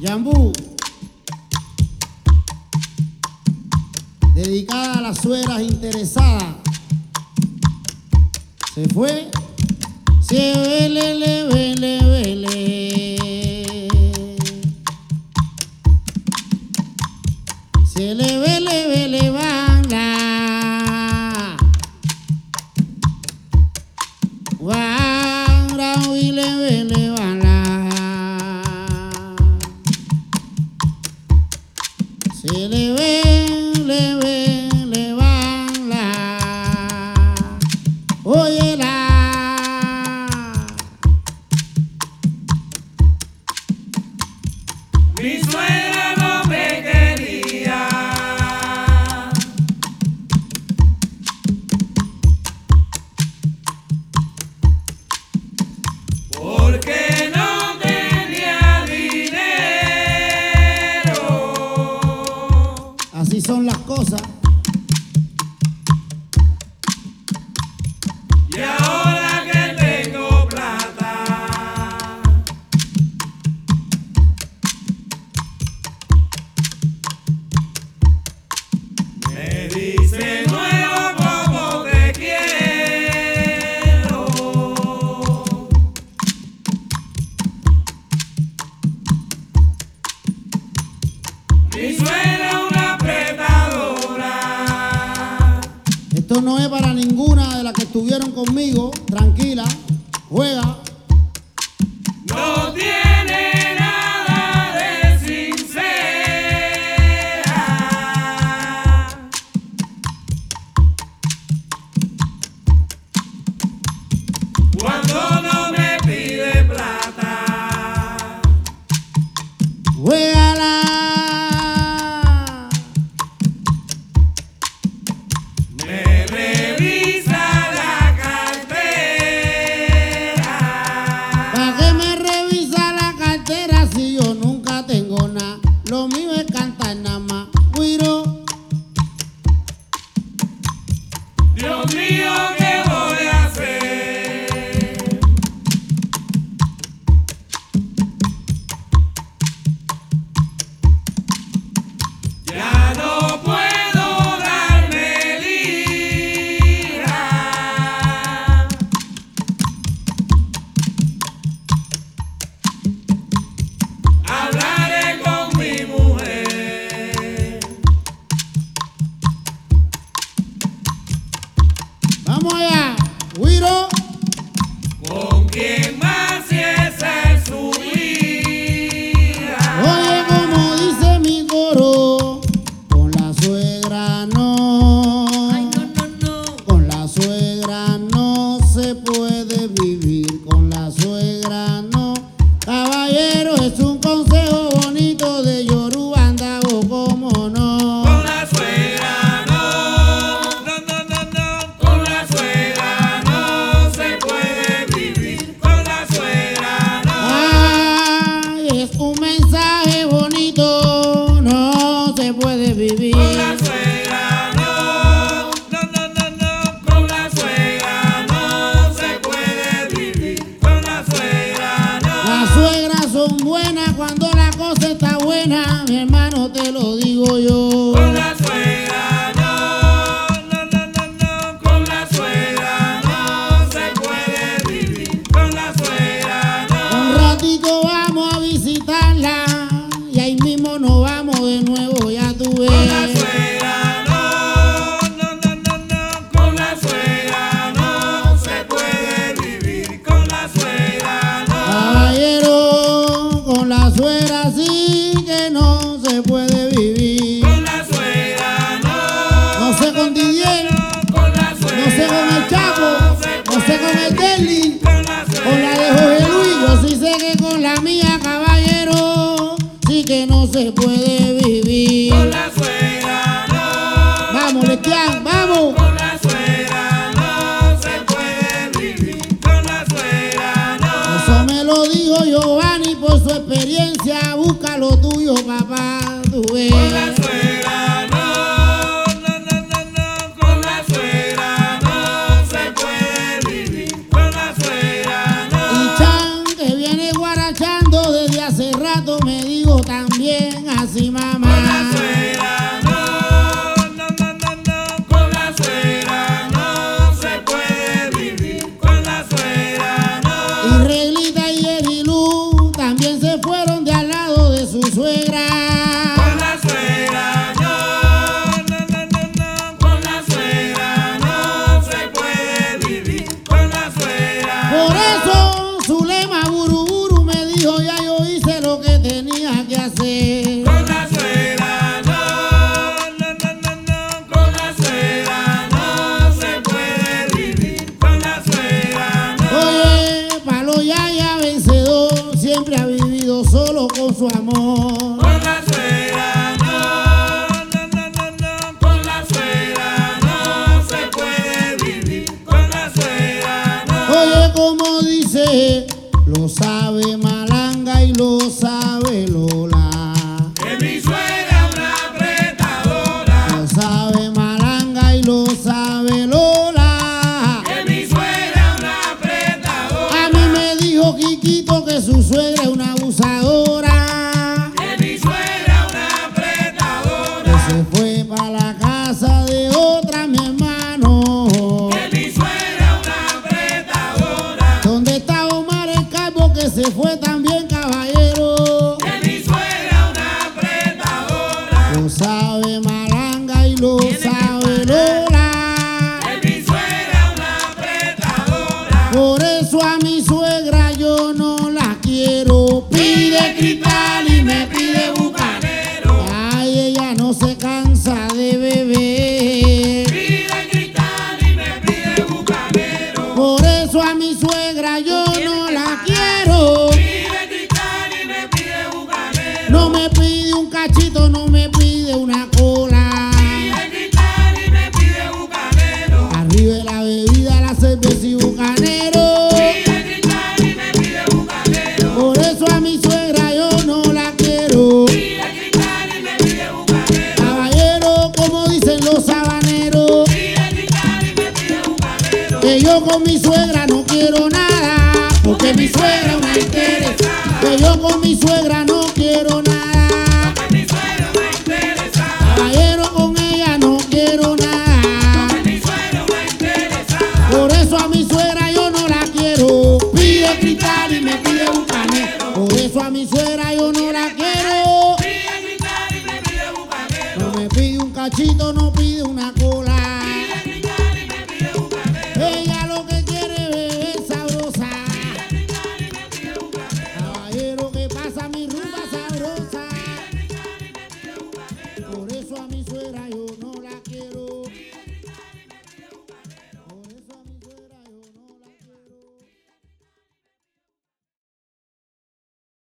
Yambú. Dedicada a las sueras interesadas. Se fue. Se vele, le, vele, vele. Se le vele, vele, Oyela, mi suegra no me quería, porque no tenía dinero. Así son las cosas. conmigo. Con la suegra no, no, no, no, no. Con la suegra no se puede vivir. Con la suegra no. Las suegras son buenas cuando la cosa está buena, mi hermano, te lo digo yo. puede vivir. Con la suegra no. Vamos, Lequian, vamos. Con la suegra no se puede vivir. Con la suegra no. Eso me lo dijo Giovanni por su experiencia. Busca lo tuyo, papá. su amor. Con la suegra no, no, no, no, con la suegra no se puede vivir, con la suegra no. Oye, como dice, lo sabe Malanga y lo sabe lo ¿Dónde está Omar el Calvo que se fue también, caballero? Que mi suegra una apretadora. Lo sabe Maranga y lo sabe Lola. Que mi suegra una apretadora. Por eso a mi suegra yo no la quiero. Pide a mi suegra yo no la quiero. Caballero, como dicen los sabaneros. Que yo con mi suegra no quiero nada, porque mi suegra una interesada Que yo con mi suegra no mi suegra yo no la quiero. No me pide un cachito, no